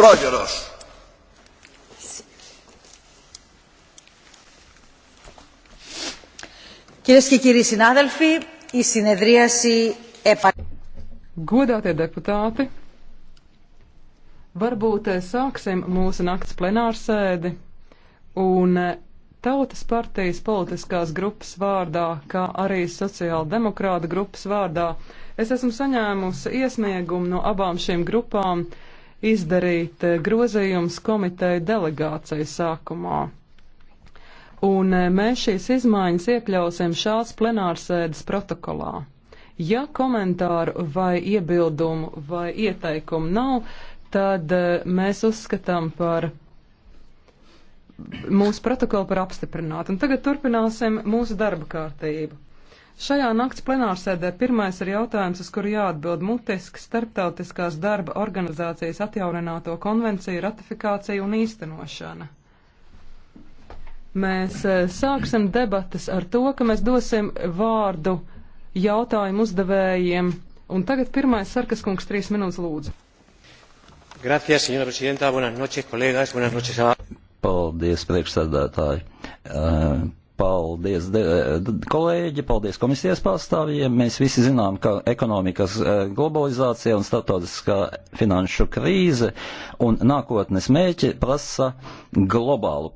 Πρόγερος. Κυρίες και κύριοι συνάδελφοι, η συνεδρίαση Godātie deputāti, varbūt eh, sāksim mūsu nakts plenārsēdi un eh, Tautas partijas politiskās grupas vārdā, kā arī sociāldemokrāta grupas vārdā. Es esmu saņēmusi iesniegumu no abām šīm grupām izdarīt eh, grozījums komiteja delegācija sākumā. Un eh, mēs šīs izmaiņas iekļausim šās plenārsēdes protokolā. Ja komentāru vai iebildumu vai ieteikumu nav, tad eh, mēs uzskatām par mūsu protokolu par apstiprinātu. Un tagad turpināsim mūsu darba kārtību. Šajā nakts plenārsēdē pirmais ir jautājums, uz kuru jāatbild mutiski starptautiskās darba organizācijas atjaunināto konvenciju ratifikācija un īstenošana. Mēs eh, sāksim debatas ar to, ka mēs dosim vārdu jautājumu uzdevējiem. Un tagad pirmais Sarkas kungs trīs minūtes lūdzu. Gracias, señora presidenta. Buenas noches, colegas. Buenas noches a... Paldies, priekšsēdētāji. Uh, Paldies, de, kolēģi, paldies komisijas pārstāvjiem. Mēs visi zinām, ka ekonomikas e, globalizācija un starptautiskā finanšu krīze un nākotnes mēķi prasa globālu